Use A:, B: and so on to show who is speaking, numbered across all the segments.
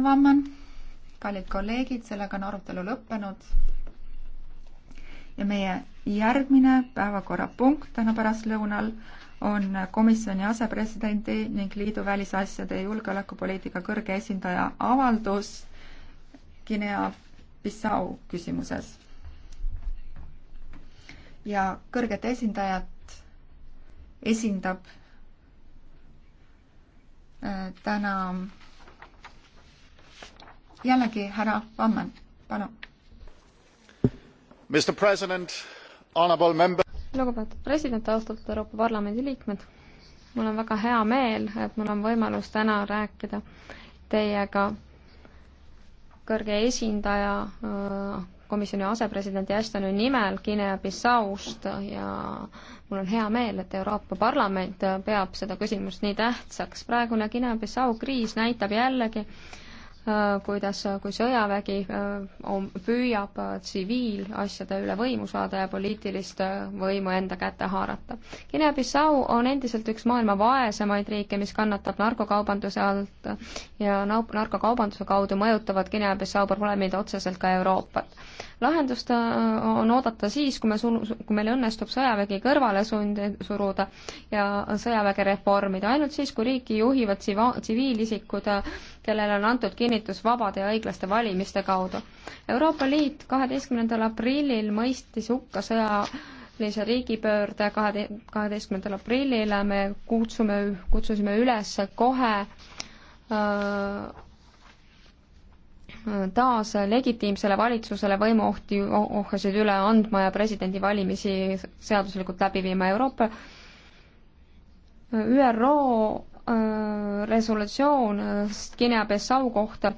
A: no vamman, kallid kolleegid, sellega on arutelu lõppenud. ja meie järgmine päevakorrapunkt täna pärastlõunal on komisjoni asepresidendi ning liidu välisasjade ja julgeolekupoliitika kõrge esindaja avaldus Guinea-Bissau küsimuses. ja kõrget esindajat esindab äh, täna
B: jällegi härra Vammen, palun. lugupeetud president, austatud Euroopa Parlamendi liikmed, mul on väga hea meel, et mul on võimalus täna rääkida teiega kõrge esindaja äh, komisjoni asepresidendi Ashtoni nimel Guinea-Bissaust ja mul on hea meel, et Euroopa Parlament peab seda küsimust nii tähtsaks. praegune Guinea-Bissau kriis näitab jällegi, Äh, kuidas, äh, kui sõjavägi äh, on, püüab tsiviilasjade üle võimu saada ja poliitilist võimu enda kätte haarata. Guinea-Bissau on endiselt üks maailma vaesemaid riike, mis kannatab narkokaubanduse alt ja narkokaubanduse kaudu mõjutavad Guinea-Bissau probleemid otseselt ka Euroopat. lahendust on oodata siis, kui me suru-, kui meil õnnestub sõjavägi kõrvale sund-, suruda ja sõjaväge reformida, ainult siis, kui riiki juhivad tsiva-, tsiviilisikud kellele on antud kinnitus vabade ja õiglaste valimiste kaudu. Euroopa Liit kaheteistkümnendal aprillil mõistis hukka sõjalise riigipöörde kahe, kaheteistkümnendal aprillil me kutsume, kutsusime üles kohe öö, taas legitiimsele valitsusele võimuohti, ohkasid üle andma ja presidendivalimisi seaduslikult läbi viima Euroopa ÜRO Äh, resolutsioon äh, Guinea-Bissau kohta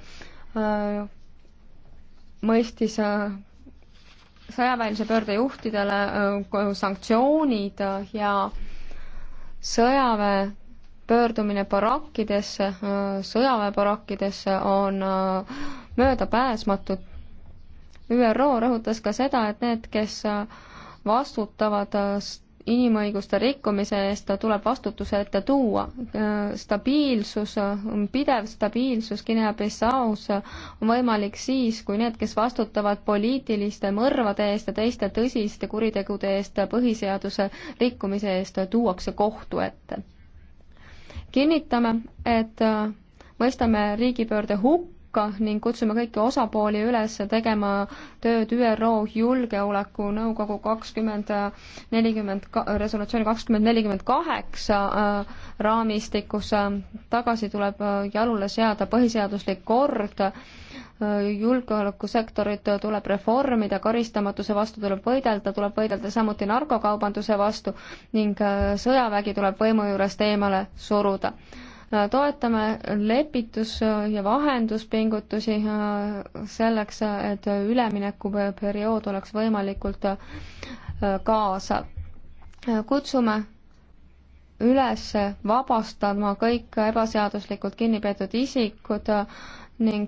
B: äh, mõistis sõjaväelise pöörde juhtidele sanktsioonid ja sõjaväe pöördumine barakkidesse, sõjaväebarakkidesse on möödapääsmatu. ÜRO rõhutas ka seda, et need, kes vastutavad inimõiguste rikkumise eest tuleb vastutuse ette tuua. stabiilsus, pidev stabiilsus Guinea-Bissaus on võimalik siis, kui need, kes vastutavad poliitiliste mõrvade eest ja teiste tõsiste kuritegude eest, põhiseaduse rikkumise eest, tuuakse kohtu ette. kinnitame, et mõistame riigipöörde hukka, hukka ning kutsume kõiki osapooli üles tegema tööd ÜRO Julgeolekunõukogu kakskümmend nelikümmend, resolutsiooni kakskümmend nelikümmend kaheksa äh, raamistikus. tagasi tuleb äh, jalule seada põhiseaduslik kord äh, julgeolekusektorit tuleb reformida, karistamatuse vastu tuleb võidelda, tuleb võidelda samuti narkokaubanduse vastu ning sõjavägi tuleb võimu juurest eemale suruda toetame lepitus- ja vahenduspingutusi äh, selleks, et üleminekuperiood oleks võimalikult äh, kaasav. kutsume üles vabastama kõik ebaseaduslikult kinni peetud isikud äh, ning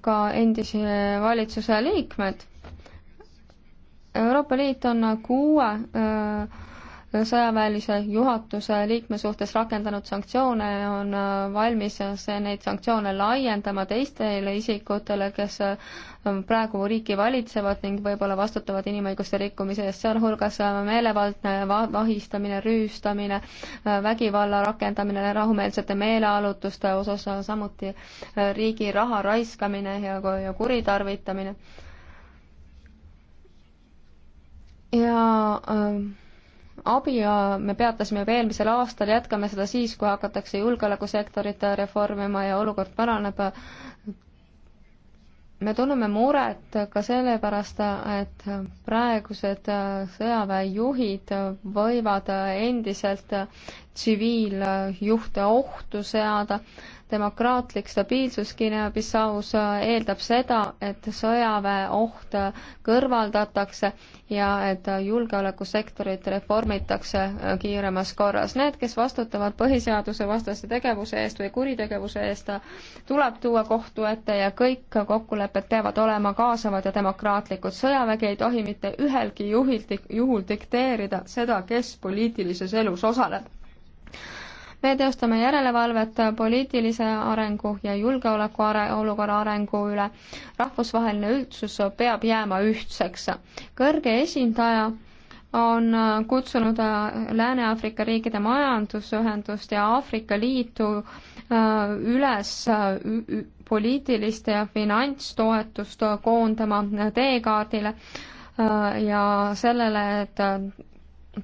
B: ka endisi valitsuse liikmed Euroopa Liit on kuue äh, sõjaväelise juhatuse liikme suhtes rakendanud sanktsioone ja on äh, valmis see, neid sanktsioone laiendama teistele isikutele, kes äh, praegu riiki valitsevad ning võib-olla vastutavad inimõiguste rikkumise eest, sealhulgas meelevaldne vahistamine, rüüstamine, vägivalla rakendamine rahumeelsete meelealutuste osas, samuti riigi raha raiskamine ja, ja kuritarvitamine ja äh, abi ja me peatasime juba eelmisel aastal, jätkame seda siis, kui hakatakse julgeolekusektorit reformima ja olukord paraneb. me tunneme muret ka sellepärast, et praegused äh, sõjaväejuhid võivad endiselt tsiviiljuhte ohtu seada demokraatlik stabiilsus Guinea-Bissaus äh, eeldab seda, et sõjaväeoht äh, kõrvaldatakse ja et äh, julgeolekusektorit reformitakse kiiremas korras. Need, kes vastutavad põhiseadusevastase tegevuse eest või kuritegevuse eest, tuleb tuua kohtu ette ja kõik kokkulepped peavad olema kaasavad ja demokraatlikud. sõjavägi ei tohi mitte ühelgi juhil, juhul dikteerida seda, kes poliitilises elus osaleb me teostame järelevalvet poliitilise arengu ja julgeoleku are-, olukorra arengu üle. rahvusvaheline üldsus peab jääma ühtseks. kõrge esindaja on kutsunud äh, Lääne-Aafrika riikide majandusühendust ja Aafrika Liitu äh, üles äh, poliitilist ja finantstoetust koondama teekaardile ja sellele, et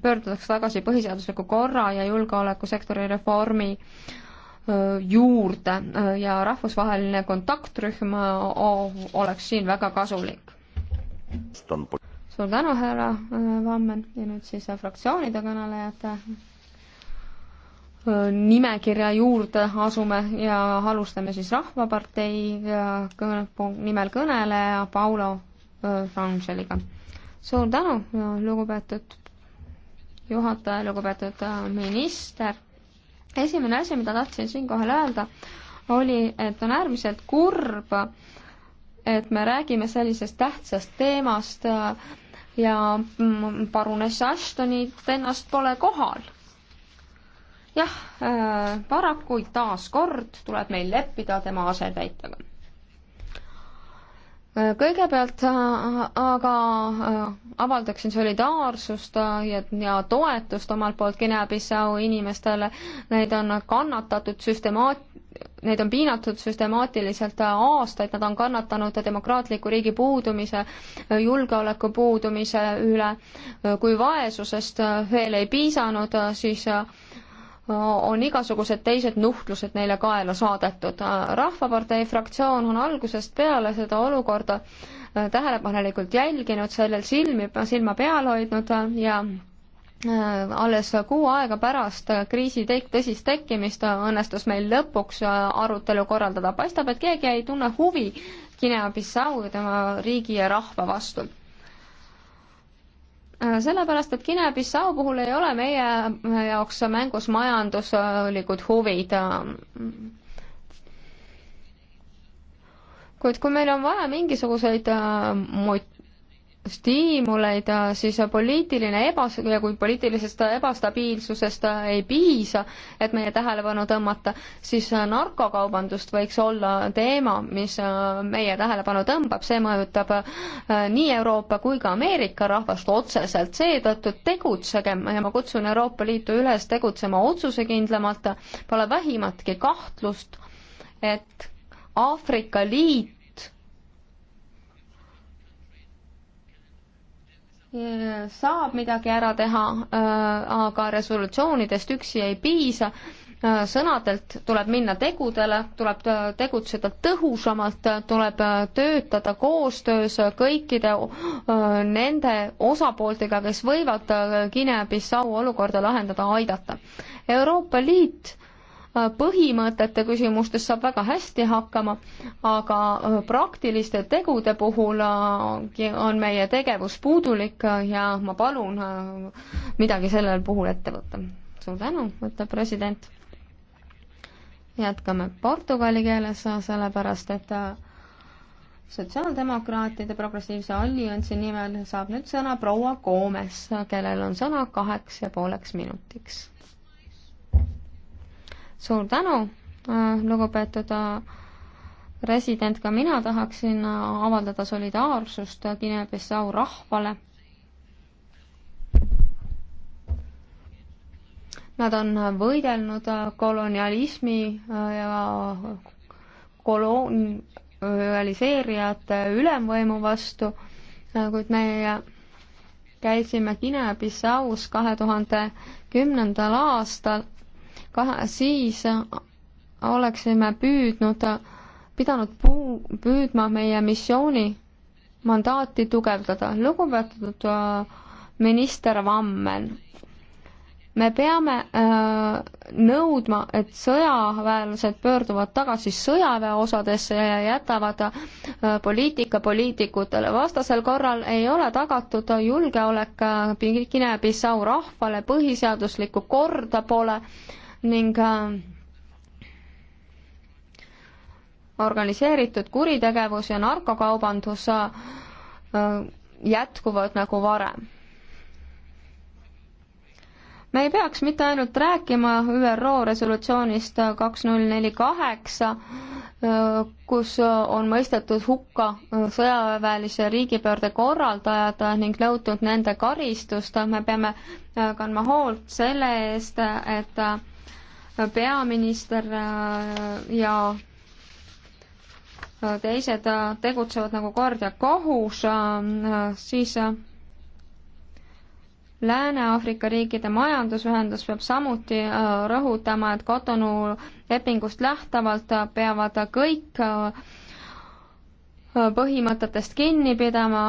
B: pöördutakse tagasi põhiseadusliku korra ja julgeolekusektori reformi juurde ja rahvusvaheline kontaktrühm oleks siin väga kasulik. suur tänu, härra Vammen ja nüüd siis äh, fraktsioonide kõnelejate nimekirja juurde asume ja alustame siis Rahvapartei kõne, nimel kõneleja Paulo Rangeliga. suur tänu, lugupeetud juhataja, lugupeetud äh, minister. esimene asi, mida tahtsin siinkohal öelda, oli, et on äärmiselt kurb, et me räägime sellisest tähtsast teemast äh, ja mm, parunes Ashtonit ennast pole kohal. jah äh,, paraku taas kord tuleb meil leppida tema asetäitjaga kõigepealt äh, aga äh, avaldaksin solidaarsust äh, ja, ja toetust omalt poolt Guinea-Bissau inimestele, neid on kannatatud süstemaat-, neid on piinatud süstemaatiliselt aastaid, nad on kannatanud demokraatliku riigi puudumise, julgeoleku puudumise üle. kui vaesusest veel ei piisanud, siis on igasugused teised nuhtlused neile kaela saadetud. rahvapartei fraktsioon on algusest peale seda olukorda äh, tähelepanelikult jälginud, sellel silmi, silma peal hoidnud ja äh, alles kuu aega pärast kriisi tek-, tõsist tekkimist õnnestus meil lõpuks äh, arutelu korraldada. paistab, et keegi ei tunne huvi Guinea-Bissau ja tema riigi ja rahva vastu Äh, sellepärast, et Guinea-Bissau puhul ei ole meie äh, jaoks mängus majanduslikud huvid. Äh. kuid kui meil on vaja mingisuguseid mot-, stiimuleid, siis poliitiline ebas- ja kui poliitilisest ebastabiilsusest ei piisa, et meie tähelepanu tõmmata, siis narkokaubandust võiks olla teema, mis meie tähelepanu tõmbab, see mõjutab äh, nii Euroopa kui ka Ameerika rahvast otseselt, seetõttu tegutsegem ja ma kutsun Euroopa Liitu üles tegutsema otsusekindlamalt, pole vähimatki kahtlust, et Aafrika Liit saab midagi ära teha, äh, aga resolutsioonidest üksi ei piisa. Äh, sõnadelt tuleb minna tegudele, tuleb äh, tegutseda tõhusamalt, tuleb töötada koostöös kõikide nende osapooltega, kes võivad Guinea-Bissau olukorda lahendada, aidata. Euroopa Liit Äh, põhimõtete küsimustes saab väga hästi hakkama, aga äh, praktiliste tegude puhul äh, on meie tegevus puudulik ja ma palun midagi sellel puhul ette võtta. suur tänu, ütleb president. jätkame portugali keeles, sellepärast et sotsiaaldemokraatide progressiivse alliansi nimel saab nüüd sõna proua Koomes, kellel on sõna kaheks ja pooleks minutiks suur tänu, äh, lugupeetud äh, resident, ka mina tahaksin äh, avaldada solidaarsust Guinea-Bissau rahvale. Nad on võidelnud kolonialismi ja kolonialiseerijate ülemvõimu vastu, kuid meie käisime Guinea-Bissaus kahe tuhande kümnendal aastal kahe, siis oleksime püüdnud, pidanud puu, püüdma meie missiooni mandaati tugevdada. lugupeetud äh, minister Vammen, me peame öö, äh, nõudma, et sõjaväelased pöörduvad tagasi sõjaväeosadesse ja jätavad äh, poliitika poliitikutele. vastasel korral ei ole tagatud julgeolek Guinea-Bissau rahvale, põhiseaduslikku korda pole öö, ning äh, organiseeritud kuritegevus ja narkokaubandus äh, jätkuvad nagu varem. me ei peaks mitte ainult rääkima ÜRO resolutsioonist kaks null neli kaheksa, äh, kus on mõistetud hukka sõjaväelise riigipöörde korraldajad ning nõutud nende karistust, me peame kandma hoolt selle eest, et peaminister äh, ja äh, teised äh, tegutsevad nagu kord ja kohus, siis Lääne-Aafrika riikide majandusühendus peab samuti rõhutama, et Cotonou lepingust lähtuvalt peavad kõik põhimõtetest kinni pidama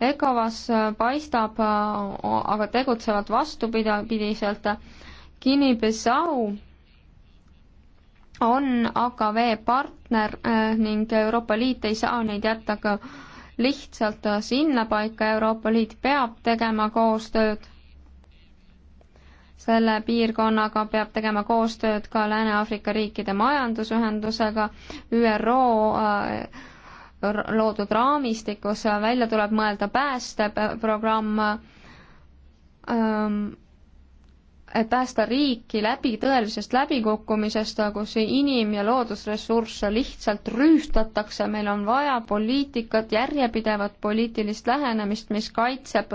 B: ECOWAS paistab aga tegutsevat vastupidiselt. Guinea-Bissau on AKV partner eh, ning Euroopa Liit ei saa neid jätta ka lihtsalt sinnapaika, Euroopa Liit peab tegema koostööd selle piirkonnaga, peab tegema koostööd ka Lääne-Aafrika riikide majandusühendusega, ÜRO äh, loodud raamistikus, välja tuleb mõelda päästeprogramm, ähm, et päästa riiki läbi tõelisest läbikukkumisest, kus inim- ja loodusressursse lihtsalt rüüstatakse, meil on vaja poliitikat, järjepidevat poliitilist lähenemist, mis kaitseb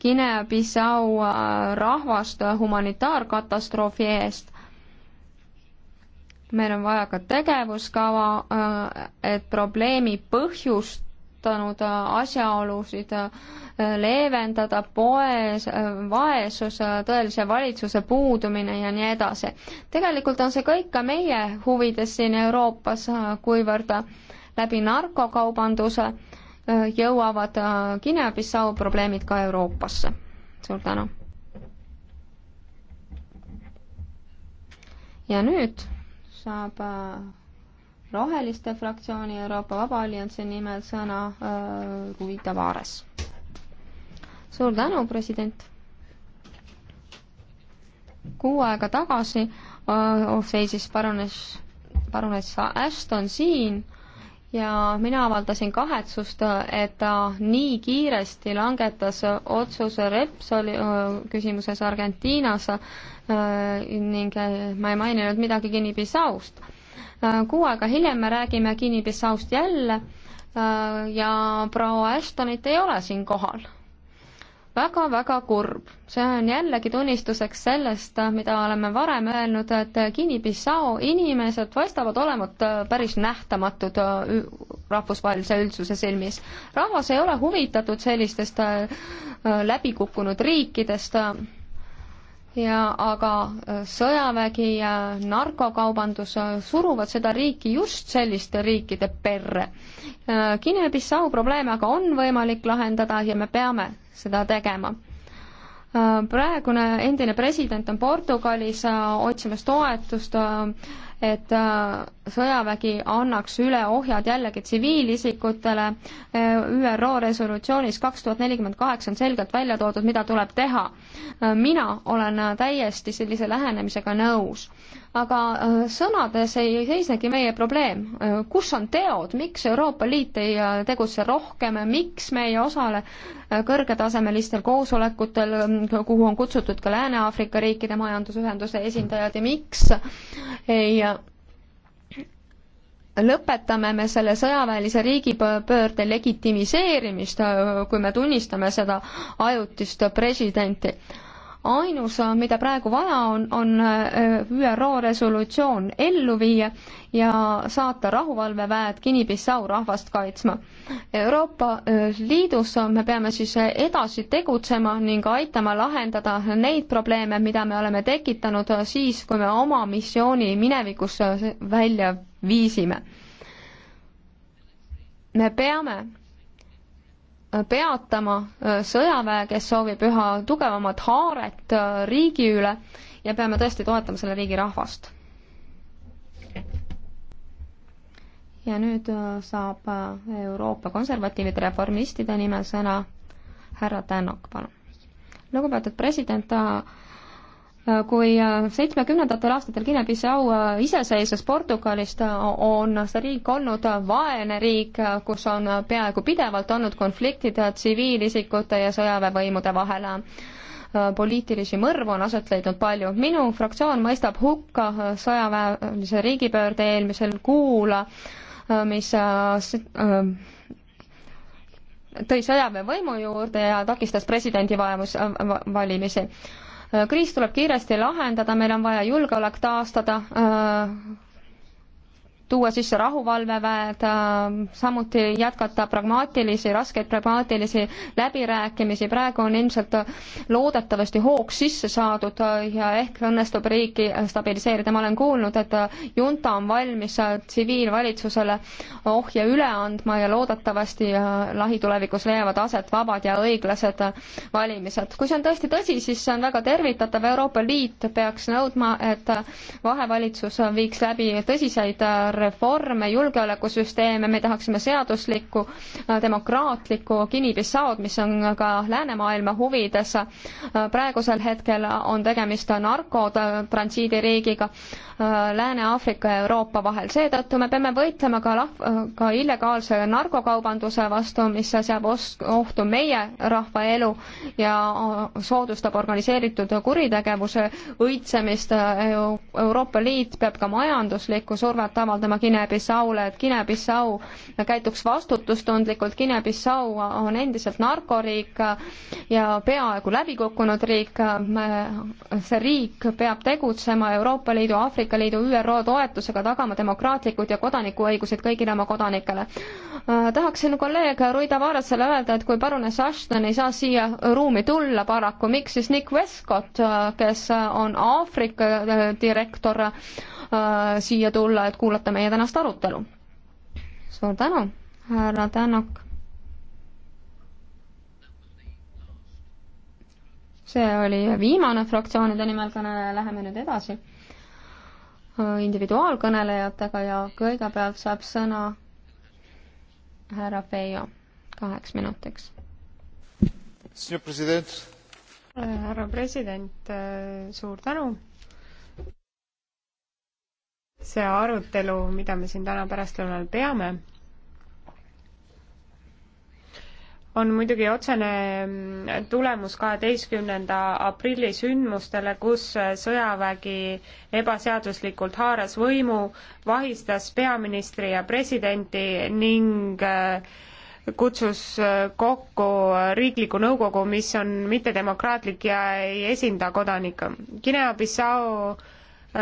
B: Guinea-Bissau äh, rahvast humanitaarkatastroofi eest meil on vaja ka tegevuskava, äh, et probleemi põhjustanud äh, asjaolusid äh, leevendada, poes, vaesus, tõelise valitsuse puudumine ja nii edasi. tegelikult on see kõik ka meie huvides siin Euroopas, kuivõrd läbi narkokaubanduse jõuavad Guinea-Bissau probleemid ka Euroopasse. suur tänu! ja nüüd saab äh, Roheliste fraktsiooni Euroopa Vaba Alliansi nimel sõna äh, Rui Tavares. suur tänu, president! kuu aega tagasi äh, seisis parunes, parunes Ashton siin ja mina avaldasin kahetsust, et ta nii kiiresti langetas otsuse Repsoli küsimuses Argentiinas ning äh, ma ei maininud midagi Guinea-Bissaust. Kuu aega hiljem me räägime Guinea-Bissaust jälle ja proua Ashtonit ei ole siin kohal väga-väga kurb. see on jällegi tunnistuseks sellest, mida oleme varem öelnud, et Guinea-Bissau inimesed paistavad olevat päris nähtamatud äh, rahvusvahelise üldsuse silmis. rahvas ei ole huvitatud sellistest äh, läbikukkunud riikidest ja aga äh, sõjavägi ja narkokaubandus äh, suruvad seda riiki just selliste riikide perre. Äh, Guinea-Bissau probleeme aga on võimalik lahendada ja me peame seda tegema. praegune endine president on Portugalis otsimas toetust, et sõjavägi annaks üle ohjad jällegi tsiviilisikutele. ÜRO resolutsioonis kaks tuhat nelikümmend kaheksa on selgelt välja toodud, mida tuleb teha. mina olen täiesti sellise lähenemisega nõus. aga äh, sõnades ei seisnegi meie probleem. kus on teod, miks Euroopa Liit ei äh, tegutse rohkem, miks me ei osale äh, kõrgetasemelistel koosolekutel, kuhu on kutsutud ka Lääne-Aafrika riikide majandusühenduse esindajad ja miks ei lõpetame me selle sõjaväelise riigipöörde legitimiseerimist, kui me tunnistame seda ajutist presidenti. ainus, mida praegu vaja on, on äh, ÜRO resolutsioon ellu viia ja saata rahuvalveväed Guinea-Bissau rahvast kaitsma. Euroopa äh, Liidus me peame siis edasi tegutsema ning aitama lahendada neid probleeme, mida me oleme tekitanud siis, kui me oma missiooni minevikus välja viisime. me peame äh, peatama äh, sõjaväe, kes soovib üha tugevamat haaret äh, riigi üle ja peame tõesti toetama selle riigi rahvast. ja nüüd saab Euroopa konservatiivide reformistide nimel sõna härra Tänak, palun. lugupeetud president, kui äh, seitsmekümnendatel aastatel Guinea-Bissau äh, iseseisvus Portugalist, äh, on see riik olnud vaene riik, kus on peaaegu pidevalt olnud konfliktid tsiviilisikute ja sõjaväevõimude vahel. poliitilisi mõrvu on aset leidnud palju. minu fraktsioon mõistab hukka sõjaväelise riigipöörde eelmisel kuul, mis tõi sõjaväevõimu juurde ja takistas presidendi valimisi kriis tuleb kiiresti lahendada, meil on vaja julgeolek taastada äh, tuua sisse rahuvalveväed, äh, samuti jätkata pragmaatilisi, raskeid pragmaatilisi läbirääkimisi, praegu on ilmselt loodetavasti hoog sisse saadud ja ehk õnnestub riiki stabiliseerida, ma olen kuulnud, et junta on valmis tsiviilvalitsusele ohje üle andma ja loodetavasti äh, lähitulevikus leiavad aset vabad ja õiglased valimised. kui see on tõesti tõsi, siis see on väga tervitatav, Euroopa Liit peaks nõudma, et vahevalitsus viiks läbi tõsiseid äh, reforme, julgeolekusüsteeme, me tahaksime seaduslikku, demokraatlikku Guinea-Bissaud, mis on ka läänemaailma huvides. praegusel hetkel on tegemist narkotransiidiriigiga äh, Lääne-Aafrika ja Euroopa vahel, seetõttu me peame võitlema ka lah-, ka illegaalse narkokaubanduse vastu, mis seab os-, ohtu meie rahva elu ja äh, soodustab organiseeritud kuritegevuse õitsemist. Äh, Euroopa Liit peab ka majanduslikku survet avaldama avaldama Guinea-Bissaule, et Guinea-Bissau käituks vastutustundlikult, Guinea-Bissau on endiselt narkoriik ja peaaegu läbi kukkunud riik, see riik peab tegutsema Euroopa Liidu, Aafrika Liidu, ÜRO toetusega, tagama demokraatlikud ja kodanikuõigused kõigile oma kodanikele. Äh, tahaksin kolleeg Rui Tavarasele öelda, et kui parunes Ashton ei saa siia ruumi tulla paraku, miks siis Nick Westcott, äh, kes on Aafrika äh, direktor, Äh, siia tulla, et kuulata meie tänast arutelu. suur tänu, härra Tänak. see oli viimane fraktsioonide nimel kõne, läheme nüüd edasi äh, individuaalkõnelejatega ja kõigepealt saab sõna härra Feio kaheks minutiks.
C: Äh, härra president, suur tänu see arutelu, mida me siin täna pärastlõunal peame, on muidugi otsene tulemus kaheteistkümnenda aprilli sündmustele, kus sõjavägi ebaseaduslikult haaras võimu, vahistas peaministri ja presidenti ning äh, kutsus äh, kokku riikliku nõukogu, mis on mittedemokraatlik ja ei esinda kodanikke. Guinea-Bissau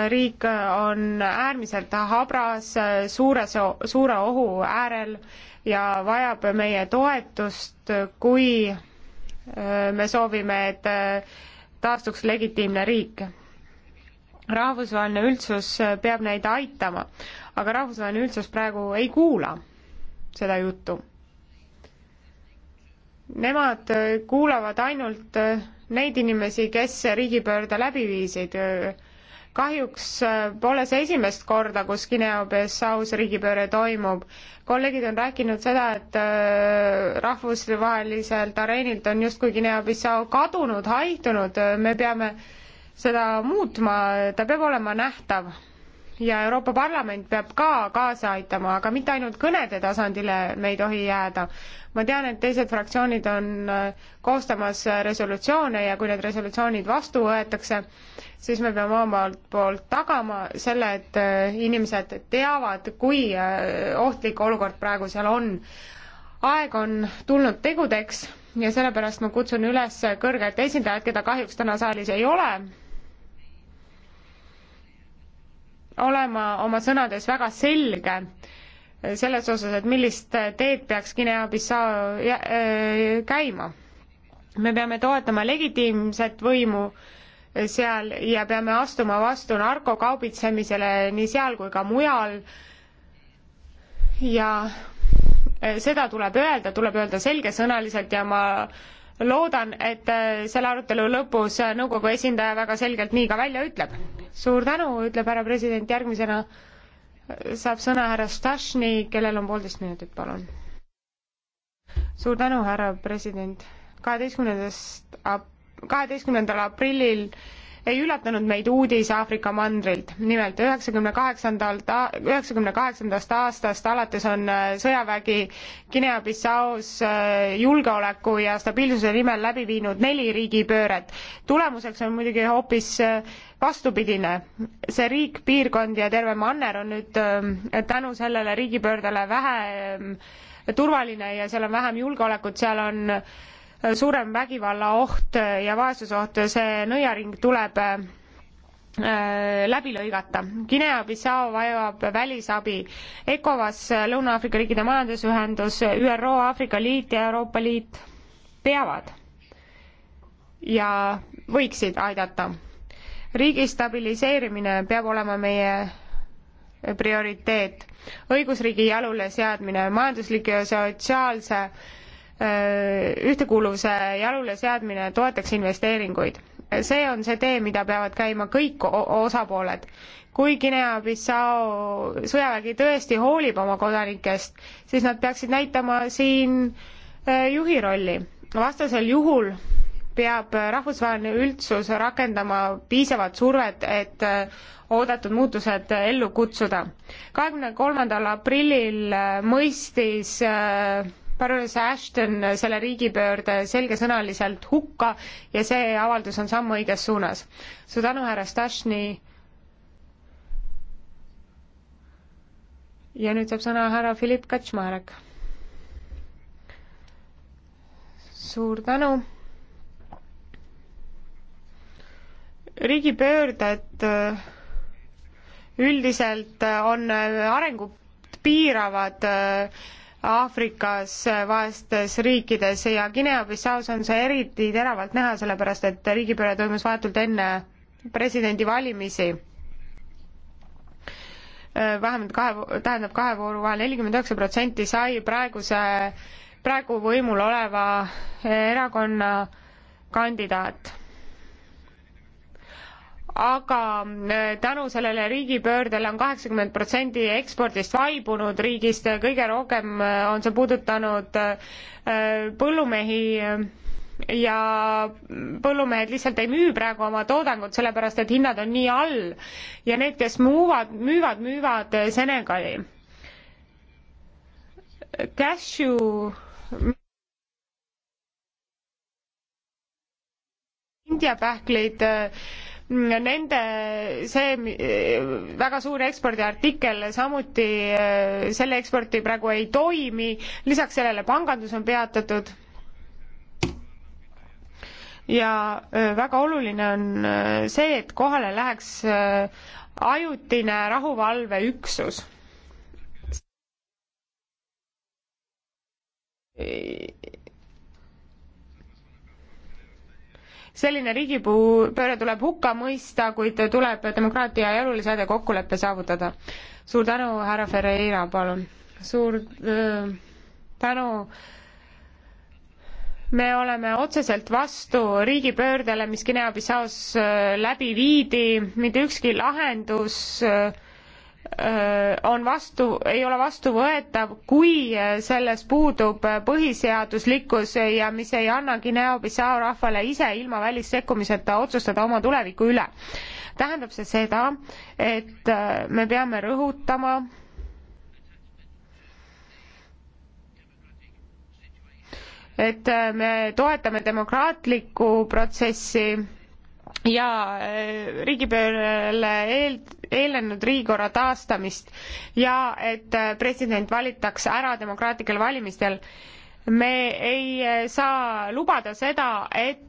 C: riik on äärmiselt habras, suure, suure ohu äärel ja vajab meie toetust, kui me soovime, et taastuks legitiimne riik. rahvusvaheline üldsus peab neid aitama, aga rahvusvaheline üldsus praegu ei kuula seda juttu. Nemad kuulavad ainult neid inimesi, kes riigipöörde läbi viisid kahjuks äh, pole see esimest korda, kus Guinea-Bissaus riigipööre toimub. kolleegid on rääkinud seda, et äh, rahvusvaheliselt areenilt on justkui Guinea-Bissau kadunud, haihtunud, me peame seda muutma, ta peab olema nähtav ja Euroopa Parlament peab ka kaasa aitama, aga mitte ainult kõnede tasandile me ei tohi jääda. ma tean, et teised fraktsioonid on äh, koostamas äh, resolutsioone ja kui need resolutsioonid vastu võetakse, siis me peame omalt poolt tagama selle, et äh, inimesed teavad, kui ohtlik olukord praegu seal on. aeg on tulnud tegudeks ja sellepärast ma kutsun üles kõrget esindajat, keda kahjuks täna saalis ei ole, olema oma sõnades väga selge selles osas, et millist teed peaks Guinea-Bissau käima. me peame toetama legitiimset võimu seal ja peame astuma vastu narkokaubitsemisele nii seal kui ka mujal ja seda tuleb öelda, tuleb öelda selgesõnaliselt ja ma loodan, et selle arutelu lõpus nõukogu esindaja väga selgelt nii ka välja ütleb suur tänu, ütleb härra president, järgmisena saab sõna härra Stašni, kellel on poolteist minutit, palun. suur tänu, härra president. kaheteistkümnendast, kaheteistkümnendal aprillil ei üllatanud meid uudis Aafrika mandrilt. nimelt üheksakümne kaheksandalt, üheksakümne kaheksandast aastast alates on äh, sõjavägi Guinea-Bissaus äh, julgeoleku ja stabiilsuse nimel läbi viinud neli riigipööret. tulemuseks on muidugi hoopis äh, vastupidine, see riik, piirkond ja terve manner on nüüd tänu sellele riigipöördele vähe turvaline ja seal on vähem julgeolekut, seal on äh, suurem vägivallaoht ja vaesusoht, see nõiaring tuleb äh, läbi lõigata. Guinea-Bissau vajab välisabi. ECOWAS, Lõuna-Aafrika riikide majandusühendus, ÜRO, Aafrika Liit ja Euroopa Liit peavad ja võiksid aidata. riigi stabiliseerimine peab olema meie prioriteet. õigusriigi jalule seadmine, majandusliku ja sotsiaalse Äh, ühtekuuluvuse jalule seadmine toetaks investeeringuid. see on see tee, mida peavad käima kõik osapooled. kui Guinea-Bissau sõjavägi tõesti hoolib oma kodanikest, siis nad peaksid näitama siin äh, juhi rolli. vastasel juhul peab rahvusvaheline üldsus rakendama piisavat survet, et äh, oodatud muutused ellu kutsuda. kahekümne kolmandal aprillil mõistis parunes Ashton selle riigipöörde selgesõnaliselt hukka ja see avaldus on samm õiges suunas. suur tänu, härra Stashni. ja nüüd saab sõna härra Philipp Kaczmarek. suur tänu. riigipöörded äh, üldiselt äh, on äh, arengut piiravad äh, Aafrikas vaestes riikides ja Guinea-Bissaus on see eriti teravalt näha, sellepärast et riigipööre toimus vahetult enne presidendivalimisi vähemalt kahe, tähendab kahe vooru vahel nelikümmend üheksa protsenti sai praeguse, praegu võimul oleva erakonna kandidaat aga äh, tänu sellele riigipöördele on kaheksakümmend protsenti ekspordist vaibunud riigist, kõige rohkem äh, on see puudutanud äh, põllumehi ja põllumehed lihtsalt ei müü praegu oma toodangut, sellepärast et hinnad on nii all ja need, kes muuvad, müüvad, müüvad Senegali. Cashew India pähklid äh, nende see väga suur ekspordiartikkel samuti, äh, selle eksporti praegu ei toimi, lisaks sellele pangandus on peatatud. ja äh, väga oluline on äh, see, et kohale läheks ajutine rahuvalveüksus selline riigipööre tuleb hukka mõista, kuid tuleb demokraatia eluliseade kokkulepe saavutada. suur tänu, härra Ferreira, palun. suur äh, tänu me oleme otseselt vastu riigipöördele, mis Guinea-Bissaus läbi viidi, mitte ükski lahendus äh, Äh, on vastu, ei ole vastuvõetav, kui äh, selles puudub äh, põhiseaduslikkus ja mis ei annagi Guinea-Bissau rahvale ise ilma välissekkumiseta otsustada oma tuleviku üle. tähendab see seda, et me peame rõhutama et me toetame demokraatlikku protsessi ja äh, riigipöörele eel, eelnenud riigikorra taastamist ja et äh, president valitakse ära demokraatlikel valimistel. me ei äh, saa lubada seda, et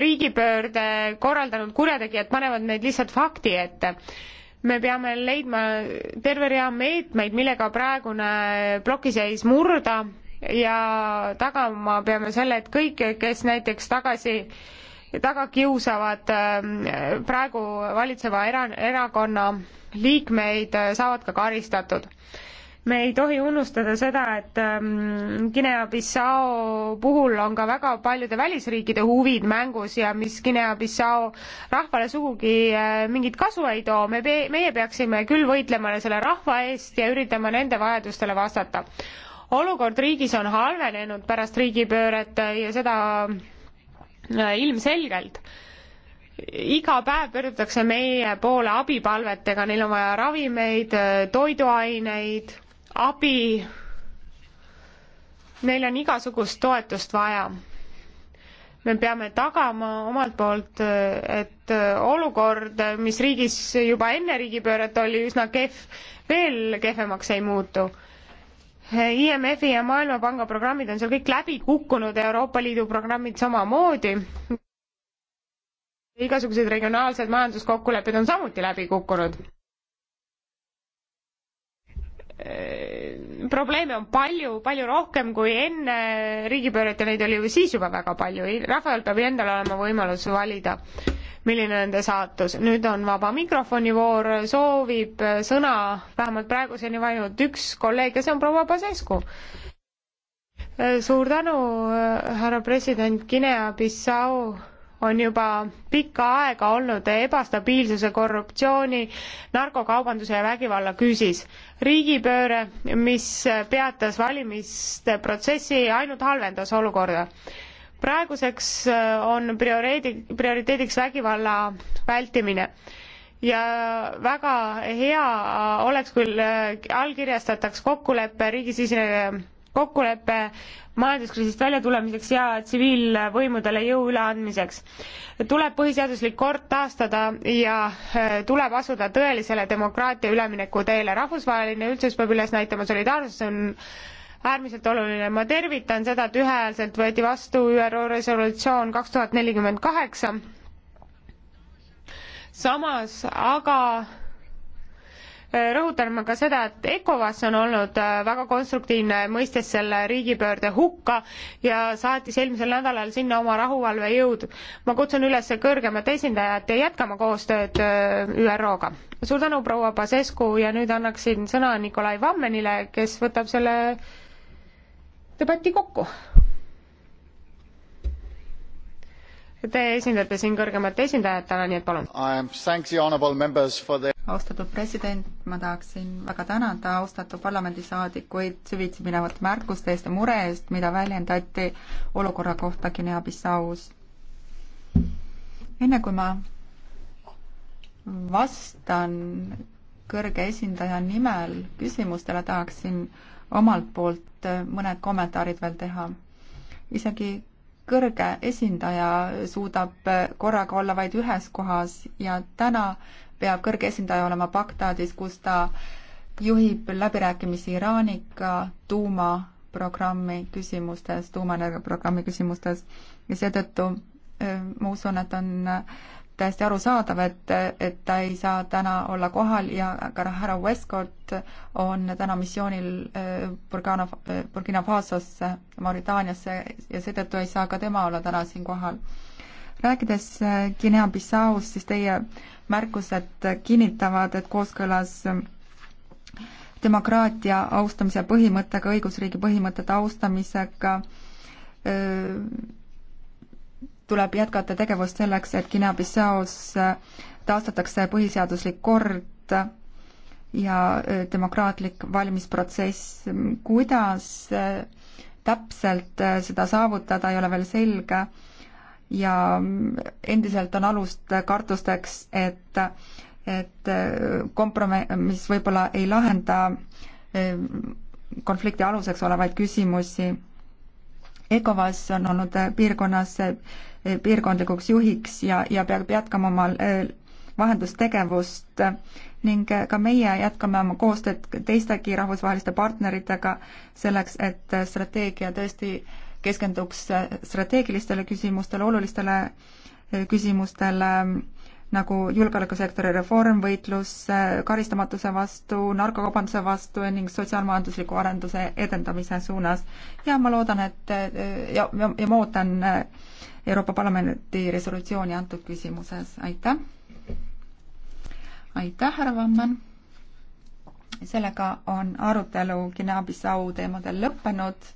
C: riigipöörde korraldanud kurjategijad panevad meid lihtsalt fakti ette me peame leidma terve rea meetmeid, millega praegune plokiseis murda ja tagama peame selle, et kõik, kes näiteks tagasi äh, ja taga kiusavad äh, praegu valitseva era-, erakonna liikmeid, äh, saavad ka karistatud me ei tohi unustada seda, et ähm, Guinea-Bissau puhul on ka väga paljude välisriikide huvid mängus ja mis Guinea-Bissau rahvale sugugi äh, mingit kasu ei too, me, meie peaksime küll võitlema selle rahva eest ja üritama nende vajadustele vastata. olukord riigis on halvenenud pärast riigipööret ja seda Äh, ilmselgelt iga päev pöördutakse meie poole abipalvetega, neil on vaja ravimeid, äh, toiduaineid, abi. Neil on igasugust toetust vaja. me peame tagama omalt poolt, äh, et olukord, mis riigis juba enne riigipööret oli üsna kehv, veel kehvemaks ei muutu IMF-i ja Maailmapanga programmid on seal kõik läbi kukkunud, Euroopa Liidu programmid samamoodi. igasugused regionaalsed majanduskokkulepped on samuti läbi kukkunud. probleeme on palju, palju rohkem kui enne riigipööret ja neid oli ju siis juba väga palju. rahval peab endal olema võimalus valida milline nende saatus. nüüd on vaba mikrofoni voor, soovib sõna vähemalt praeguseni ainult üks kolleeg ja see on proua Pasescu. suur tänu, härra president, Guinea-Bissau on juba pikka aega olnud ebastabiilsuse, korruptsiooni, narkokaubanduse ja vägivalla küüsis. riigipööre, mis peatas valimiste protsessi, ainult halvendas olukorda praeguseks äh, on prioriteedi, prioriteediks vägivalla vältimine ja väga hea äh, oleks, kui äh, allkirjastataks kokkulepe, riigisisene kokkulepe majanduskriisist väljatulemiseks ja tsiviilvõimudele jõu üleandmiseks. tuleb põhiseaduslik kord taastada ja tuleb asuda tõelisele demokraatia ülemineku teele. rahvusvaheline üldsus peab üles näitama solidaarsust, see on äärmiselt oluline. ma tervitan seda, et ühehäälselt võeti vastu ÜRO resolutsioon kaks tuhat nelikümmend kaheksa. samas aga äh, rõhutan ma ka seda, et ECOWAS on olnud äh, väga konstruktiivne, mõistes selle riigipöörde hukka ja saatis eelmisel nädalal sinna oma rahuvalvejõud. ma kutsun üles kõrgemat esindajat jätkama koostööd äh, ÜRO-ga. suur tänu, proua Pasescu ja nüüd annaksin sõna Nikolai Vammenile, kes võtab selle debatti kokku. Te
A: esindate siin kõrgemat esindajat täna, nii et palun. austatud president, ma tahaksin väga tänada austatud parlamendisaadikuid süvitsi minevate märkuste eest ja mure eest, mida väljendati olukorra kohta Guinea-Bissaus. enne kui ma vastan kõrge esindaja nimel küsimustele, tahaksin omalt poolt äh, mõned kommentaarid veel teha. isegi kõrge esindaja suudab äh, korraga olla vaid ühes kohas ja täna peab kõrge esindaja olema Bagdadis, kus ta juhib läbirääkimisi Iraaniga tuumaprogrammi küsimustes, tuumaenergia programmi küsimustes ja seetõttu äh, ma usun, et on täiesti arusaadav, et, et ta ei saa täna olla kohal ja ka härra Westcott on täna missioonil äh, Burkina, äh, Burkina Fasosse, Mauritaaniasse ja seetõttu ei saa ka tema olla täna siin kohal. rääkides äh, Guinea-Bissaust, siis teie märkused kinnitavad, et kooskõlas demokraatia austamise põhimõttega, õigusriigi põhimõtete austamisega öö, tuleb jätkata tegevust selleks, et Guinea-Bissaus äh, taastatakse põhiseaduslik kord ja äh, demokraatlik valimisprotsess. kuidas äh, täpselt seda saavutada, ei ole veel selge ja mm, endiselt on alust kartusteks, et et kompromiss võib-olla ei lahenda konflikti aluseks olevaid küsimusi. ECOWAS on olnud piirkonnas piirkondlikuks juhiks ja, ja peab jätkama oma äh, vahendustegevust ning äh, ka meie jätkame oma koostööd teistegi rahvusvaheliste partneritega selleks, et äh, strateegia tõesti keskenduks strateegilistele küsimustele, olulistele küsimustele nagu julgeolekusektori reform, võitlus karistamatuse vastu, narkokaubanduse vastu ning sotsiaalmajandusliku arenduse edendamise suunas. ja ma loodan, et ja, ja ma ootan Euroopa Parlamendi resolutsiooni antud küsimuses, aitäh! aitäh, härra Vammen! sellega on arutelu Guinea-Bissau teemadel lõppenud